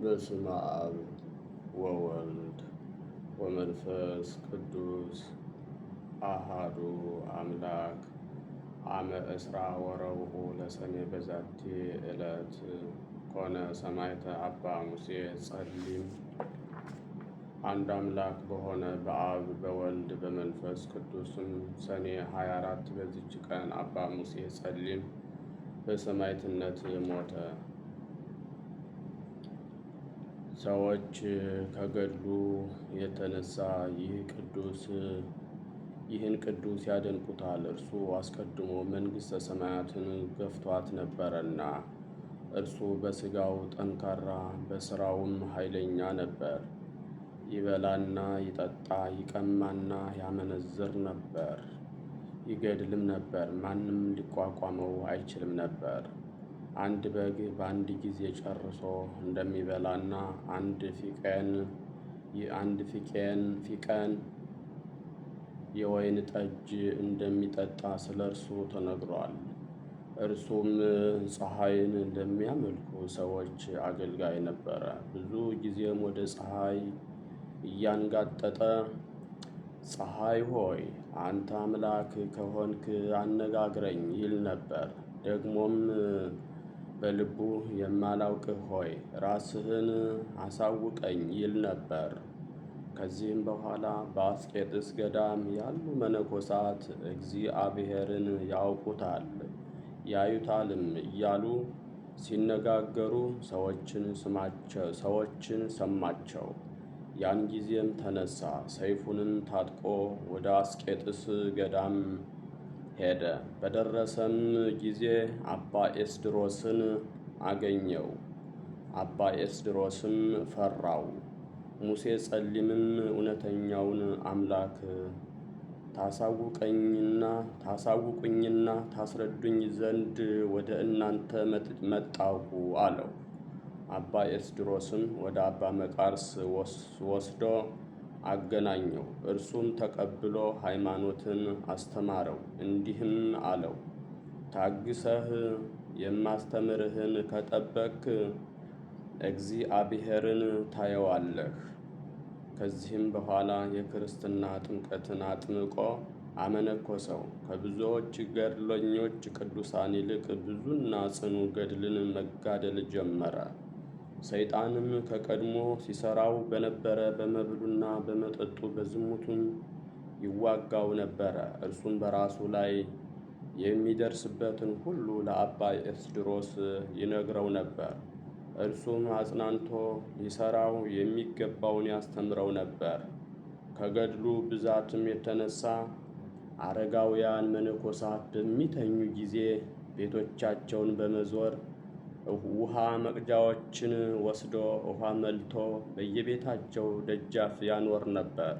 በስመ አብ ወወልድ ወመንፈስ ቅዱስ አሃዱ አምላክ አመ እስራ ወረውሁ ለሰኔ በዛቲ ዕለት ኮነ ሰማዕተ አባ ሙሴ ጸሊም። አንድ አምላክ በሆነ በአብ በወልድ በመንፈስ ቅዱስም ሰኔ 24 በዚች ቀን አባ ሙሴ ጸሊም በሰማዕትነት ሞተ። ሰዎች ከገድሉ የተነሳ ይህ ቅዱስ ይህን ቅዱስ ያደንቁታል። እርሱ አስቀድሞ መንግሥተ ሰማያትን ገፍቷት ነበረና እርሱ በሥጋው ጠንካራ በሥራውም ኃይለኛ ነበር። ይበላና ይጠጣ ይቀማና ያመነዝር ነበር፣ ይገድልም ነበር። ማንም ሊቋቋመው አይችልም ነበር። አንድ በግ በአንድ ጊዜ ጨርሶ እንደሚበላና አንድ ፊቀን አንድ ፊቄን ፊቀን የወይን ጠጅ እንደሚጠጣ ስለ እርሱ ተነግሯል። እርሱም ፀሐይን እንደሚያመልኩ ሰዎች አገልጋይ ነበረ። ብዙ ጊዜም ወደ ፀሐይ እያንጋጠጠ ፀሐይ ሆይ አንተ አምላክ ከሆንክ አነጋግረኝ ይል ነበር። ደግሞም በልቡ የማላውቅ ሆይ ራስህን አሳውቀኝ ይል ነበር። ከዚህም በኋላ በአስቄጥስ ገዳም ያሉ መነኮሳት እግዚአብሔርን ያውቁታል ያዩታልም እያሉ ሲነጋገሩ ሰዎችን ስማቸው ሰዎችን ሰማቸው። ያን ጊዜም ተነሳ፣ ሰይፉንም ታጥቆ ወደ አስቄጥስ ገዳም ሄደ። በደረሰም ጊዜ አባ ኤስድሮስን አገኘው። አባ ኤስድሮስም ፈራው። ሙሴ ጸሊምም እውነተኛውን አምላክ ታሳውቀኝና ታሳውቁኝና ታስረዱኝ ዘንድ ወደ እናንተ መጣሁ አለው። አባ ኤስድሮስም ወደ አባ መቃርስ ወስዶ አገናኘው። እርሱም ተቀብሎ ሃይማኖትን አስተማረው፣ እንዲህም አለው፦ ታግሰህ የማስተምርህን እግዚ እግዚአብሔርን ታየዋለህ። ከዚህም በኋላ የክርስትና ጥምቀትን አጥምቆ አመነኮሰው። ከብዙዎች ገድለኞች ቅዱሳን ይልቅ ብዙና ጽኑ ገድልን መጋደል ጀመረ። ሰይጣንም ከቀድሞ ሲሰራው በነበረ በመብሉና በመጠጡ በዝሙቱም ይዋጋው ነበረ። እርሱም በራሱ ላይ የሚደርስበትን ሁሉ ለአባ ኤስድሮስ ይነግረው ነበር። እርሱም አጽናንቶ ሊሰራው የሚገባውን ያስተምረው ነበር። ከገድሉ ብዛትም የተነሳ አረጋውያን መነኮሳት በሚተኙ ጊዜ ቤቶቻቸውን በመዞር ውሃ መቅጃዎችን ወስዶ ውሃ መልቶ በየቤታቸው ደጃፍ ያኖር ነበር።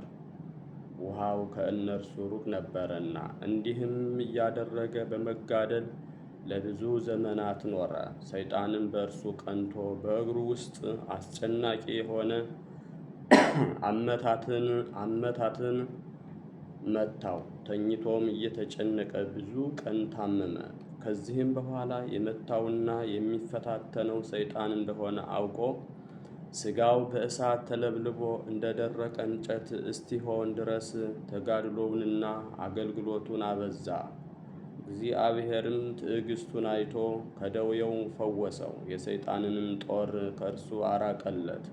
ውሃው ከእነርሱ ሩቅ ነበረና፣ እንዲህም እያደረገ በመጋደል ለብዙ ዘመናት ኖረ። ሰይጣንም በእርሱ ቀንቶ በእግሩ ውስጥ አስጨናቂ የሆነ አመታትን አመታትን መታው። ተኝቶም እየተጨነቀ ብዙ ቀን ታመመ። ከዚህም በኋላ የመታውና የሚፈታተነው ሰይጣን እንደሆነ አውቆ ስጋው በእሳት ተለብልቦ እንደደረቀ እንጨት እስቲሆን ድረስ ተጋድሎውንና አገልግሎቱን አበዛ። እግዚአብሔርም ትዕግስቱን አይቶ ከደዌው ፈወሰው፣ የሰይጣንንም ጦር ከእርሱ አራቀለት።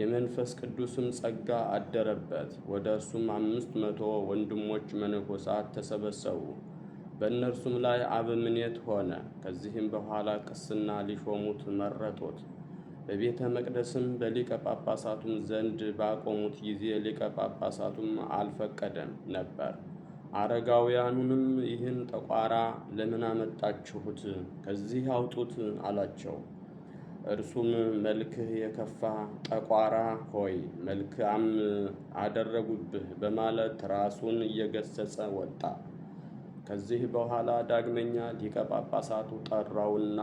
የመንፈስ ቅዱስም ጸጋ አደረበት። ወደ እርሱም አምስት መቶ ወንድሞች መነኮሳት ተሰበሰቡ። በእነርሱም ላይ አበምኔት ሆነ። ከዚህም በኋላ ቅስና ሊሾሙት መረጡት። በቤተ መቅደስም በሊቀ ጳጳሳቱም ዘንድ ባቆሙት ጊዜ ሊቀ ጳጳሳቱም አልፈቀደም ነበር። አረጋውያኑንም ይህን ጠቋራ ለምን አመጣችሁት? ከዚህ አውጡት አላቸው። እርሱም መልክህ የከፋ ጠቋራ ሆይ መልክም አደረጉብህ በማለት ራሱን እየገሰጸ ወጣ። ከዚህ በኋላ ዳግመኛ ሊቀ ጳጳሳቱ ጠራውና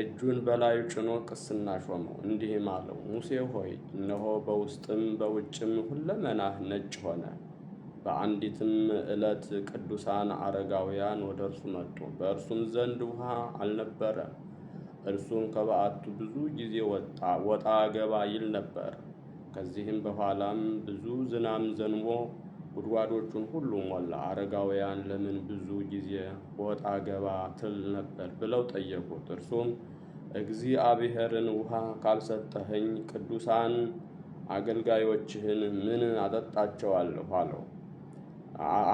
እጁን በላዩ ጭኖ ቅስና ሾመው፣ እንዲህም አለው፦ ሙሴ ሆይ እነሆ በውስጥም በውጭም ሁለመናህ ነጭ ሆነ። በአንዲትም ዕለት ቅዱሳን አረጋውያን ወደ እርሱ መጡ። በእርሱም ዘንድ ውሃ አልነበረም። እርሱም ከበዓቱ ብዙ ጊዜ ወጣ ወጣ ገባ ይል ነበር። ከዚህም በኋላም ብዙ ዝናም ዘንቦ ጉድጓዶቹን ሁሉ ሞላ። አረጋውያን ለምን ብዙ ጊዜ ወጣ ገባ ትል ነበር ብለው ጠየቁት። እርሱም እግዚአብሔርን ውሃ ካልሰጠኸኝ ቅዱሳን አገልጋዮችህን ምን አጠጣቸዋለሁ? አለው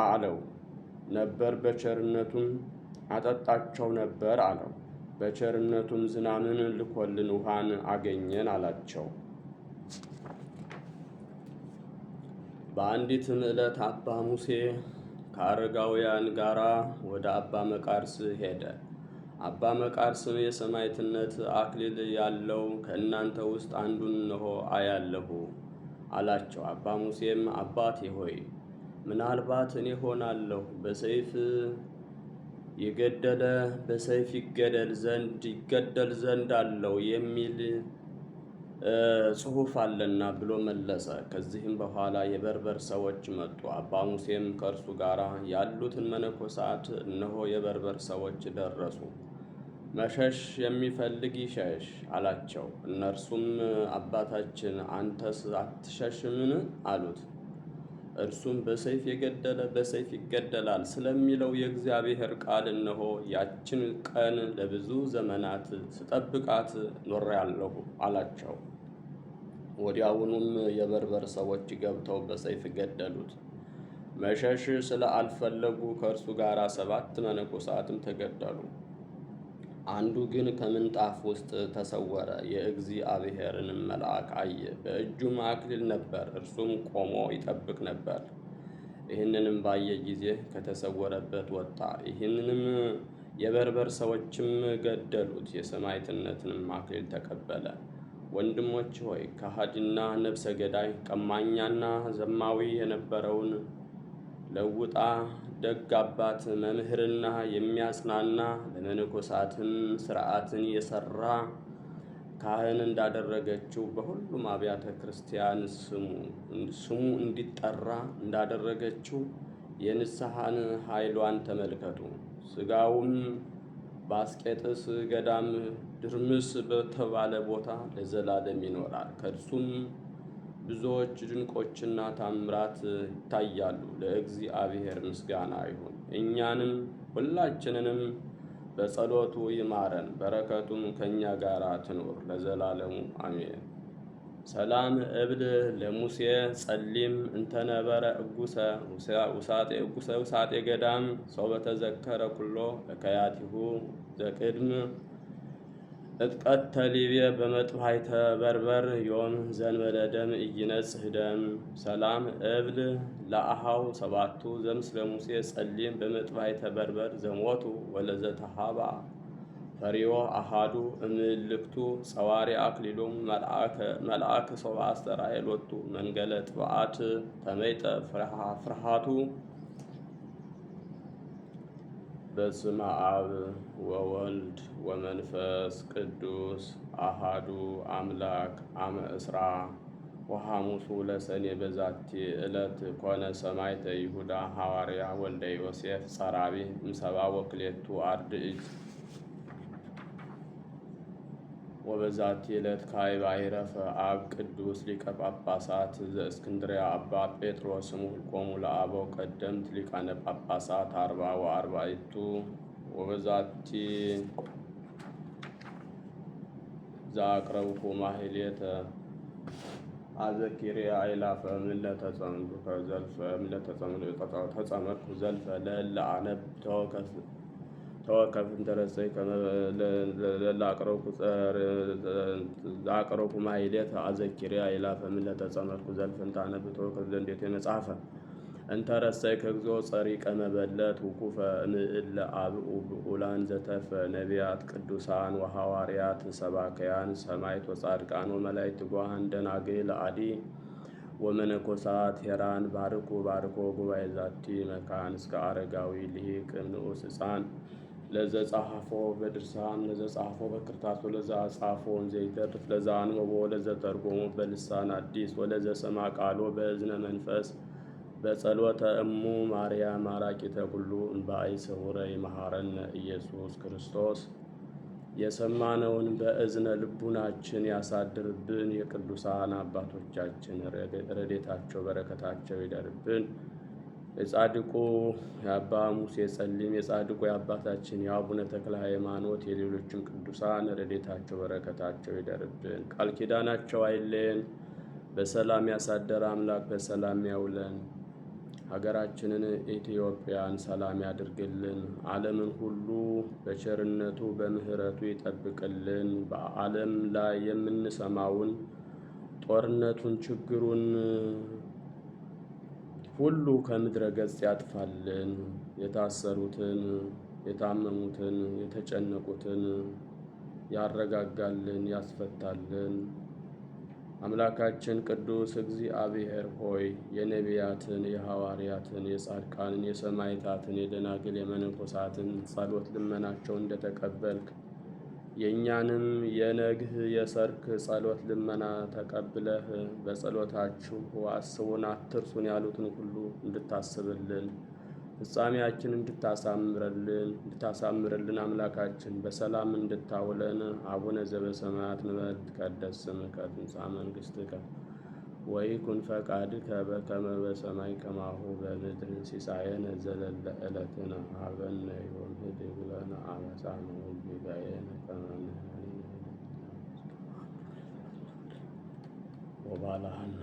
አለው ነበር በቸርነቱም አጠጣቸው ነበር አለው። በቸርነቱም ዝናብን ልኮልን ውሃን አገኘን አላቸው። በአንዲትም ዕለት አባ ሙሴ ከአረጋውያን ጋራ ወደ አባ መቃርስ ሄደ። አባ መቃርስም የሰማዕትነት አክሊል ያለው ከእናንተ ውስጥ አንዱን እንሆ አያለሁ አላቸው። አባ ሙሴም አባቴ ሆይ ምናልባት እኔ ሆናለሁ በሰይፍ የገደለ በሰይፍ ይገደል ዘንድ ይገደል ዘንድ አለው የሚል ጽሑፍ አለና ብሎ መለሰ። ከዚህም በኋላ የበርበር ሰዎች መጡ። አባ ሙሴም ከእርሱ ጋር ያሉትን መነኮሳት እነሆ የበርበር ሰዎች ደረሱ፣ መሸሽ የሚፈልግ ይሸሽ አላቸው። እነርሱም አባታችን አንተስ አትሸሽምን አሉት። እርሱም በሰይፍ የገደለ በሰይፍ ይገደላል ስለሚለው የእግዚአብሔር ቃል እነሆ ያችን ቀን ለብዙ ዘመናት ስጠብቃት ኖሬአለሁ አላቸው። ወዲያውኑም የበርበር ሰዎች ገብተው በሰይፍ ገደሉት። መሸሽ ስለ አልፈለጉ ከእርሱ ጋር ሰባት መነኮሳትም ተገደሉ። አንዱ ግን ከምንጣፍ ውስጥ ተሰወረ። የእግዚአብሔርንም መልአክ አየ። በእጁም አክሊል ነበር፣ እርሱም ቆሞ ይጠብቅ ነበር። ይህንንም ባየ ጊዜ ከተሰወረበት ወጣ። ይህንንም የበርበር ሰዎችም ገደሉት። የሰማዕትነትንም አክሊል ተቀበለ። ወንድሞች ሆይ ከሃዲና ነፍሰ ገዳይ ቀማኛና ዘማዊ የነበረውን ለውጣ ደግ አባት መምህርና የሚያጽናና ለመነኮሳትም ስርዓትን የሰራ ካህን እንዳደረገችው በሁሉም አብያተ ክርስቲያን ስሙ እንዲጠራ እንዳደረገችው የንስሐን ኃይሏን ተመልከቱ። ስጋውም ባስቄጥስ ገዳም ድርምስ በተባለ ቦታ ለዘላለም ይኖራል። ከእርሱም ብዙዎች ድንቆችና ታምራት ይታያሉ። ለእግዚአብሔር ምስጋና ይሁን። እኛንም ሁላችንንም በጸሎቱ ይማረን፣ በረከቱም ከእኛ ጋር ትኖር ለዘላለሙ አሜን። ሰላም እብል ለሙሴ ጸሊም እንተነበረ እጉሰ ውሳጤ እጉሰ ውሳጤ ገዳም ሰው በተዘከረ ኩሎ ለከያቲሁ ዘቅድም እጥቀት ተሊቤ በመጥፋይ በርበር ዮም ዘንበለ ደም ኢይነጽህ ደም ሰላም እብል ለአሃው ሰባቱ ዘምስለ ሙሴ ጸሊም በመጥፋይ በርበር ዘሞቱ ወለዘተሃባ ፈሪዮ አሃዱ እምልክቱ ጸዋሪ አክሊሎም ሶባ ሰብአ አስተርአየሎቱ መንገለ ጥብዓት ተመይጠ ፍርሃቱ በስመ አብ ወወልድ ወመንፈስ ቅዱስ አሃዱ አምላክ አመ እስራ ወሐሙሱ ለሰኔ በዛቲ ዕለት ኮነ ሰማይተ ይሁዳ ሐዋርያ ወልደ ዮሴፍ ጸራቢ ምሰባ ወክሌቱ አርድእት ወበዛት ዕለት ካይ ባይረፈ አብ ቅዱስ ሊቀ ጳጳሳት ዘእስክንድርያ አባ ጴጥሮስ እምኍልቆሙ ለአበው ቀደምት ሊቃነ ጳጳሳት አርባ ወአርባዕቱ ወበዛቲ ዘአቅረብኩ ማሕሌተ አዘኪሪ አይላፈ እምእለ ተጸምዱከ ዘልፈ እምእለ ተጸምዱከ ተጸመድኩ ዘልፈ ለለ አነብተወ ተወከፍን ተረሰይ ለአቅረኩ ማይሌት አዘኪሪያ ይላፈምን ለተጸመርኩ ዘልፍን ታነብቶ ክፍል እንዴት የመጽሐፈ እንተረሰይ ከግዞ ጸሪቀ መበለት ውቁፈ ምዕለ አብኡ ብዑላን ዘተፈ ነቢያት ቅዱሳን ወሐዋርያት ሰባከያን ሰማይት ወጻድቃን ወመላይት ጓሃን ደናግል አዲ ወመነኮሳት ሄራን ባርኩ ባርኮ ጉባኤ ዛቲ መካን እስከ አረጋዊ ልሂቅ ንዑስ ሕፃን ለዘ ጻሐፎ በድርሳን ለዘ ጻሐፎ በክርታስ ወለዘ አጻፎ እንዘይተርፍ ለዘ አንበቦ ወለዘ ተርጎሞ በልሳን አዲስ ወለዘ ሰማ ቃሎ በእዝነ መንፈስ በጸሎተ እሙ ማርያም አራቂተ ኩሉ እምባይ ስውረ ይመሐረነ ኢየሱስ ክርስቶስ። የሰማነውን በእዝነ ልቡናችን ያሳድርብን። የቅዱሳን አባቶቻችን ረዴታቸው በረከታቸው ይደርብን። የጻድቁ የአባ ሙሴ ጸሊም የጻድቁ የአባታችን የአቡነ ተክለ ሃይማኖት የሌሎችም ቅዱሳን ረዴታቸው በረከታቸው ይደርብን፣ ቃል ኪዳናቸው አይለየን። በሰላም ያሳደረ አምላክ በሰላም ያውለን። ሀገራችንን ኢትዮጵያን ሰላም ያድርግልን። ዓለምን ሁሉ በቸርነቱ በምሕረቱ ይጠብቅልን። በዓለም ላይ የምንሰማውን ጦርነቱን፣ ችግሩን ሁሉ ከምድረ ገጽ ያጥፋልን። የታሰሩትን፣ የታመሙትን፣ የተጨነቁትን ያረጋጋልን፣ ያስፈታልን። አምላካችን ቅዱስ እግዚአብሔር ሆይ የነቢያትን፣ የሐዋርያትን፣ የጻድቃንን፣ የሰማዕታትን፣ የደናግል፣ የመነኮሳትን ጸሎት ልመናቸው እንደተቀበልክ የእኛንም የነግህ የሰርክ ጸሎት ልመና ተቀብለህ በጸሎታችሁ አስቡን አትርሱን ያሉትን ሁሉ እንድታስብልን ፍጻሜያችን እንድታሳምረልን እንድታሳምርልን አምላካችን በሰላም እንድታውለን አቡነ ዘበሰማያት ንበት ቀደስ ስምከ ትምጻእ መንግስትከ ወይኩን ፈቃድከ በከመ በሰማይ ከማሁ በምድር ሲሳየነ ዘለለ ዕለትነ ሀበነ ዮም ህድግ ለነ አበሳነ ወጌጋየነ ከመ ንሕነኒ ወባልሐነ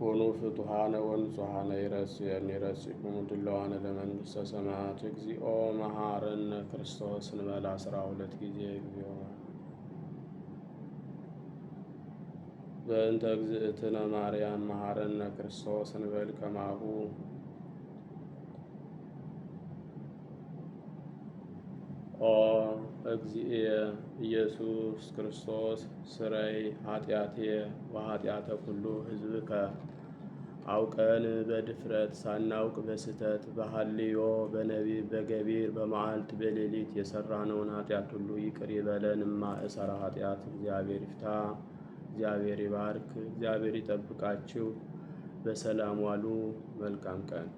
ኮኑ ፍቱሃነ ወንጹሃነ ይረስየን ይረሲኩም ድለዋነ ለመንግሥተ ሰማያት እግዚኦ መሐረነ ክርስቶስ ንበል አስራ ሁለት ጊዜ እግዚኦ በእንተ እግዝእትነ ማርያም መሐረነ ክርስቶስ ንበል ከማሁ ኦ እግዚእ ኢየሱስ ክርስቶስ ስረይ ኃጢአቴ ወኃጢአተ ኩሉ ሕዝብከ አውቀን በድፍረት ሳናውቅ በስህተት በሐልዮ በነቢብ በገቢር በመዓልት በሌሊት የሠራነውን ኃጢአት ሁሉ ይቅር ይበለን። እማ እሰራ ኃጢአት እግዚአብሔር ይፍታ። እግዚአብሔር ይባርክ። እግዚአብሔር ይጠብቃችሁ። በሰላም ዋሉ። መልካም ቀን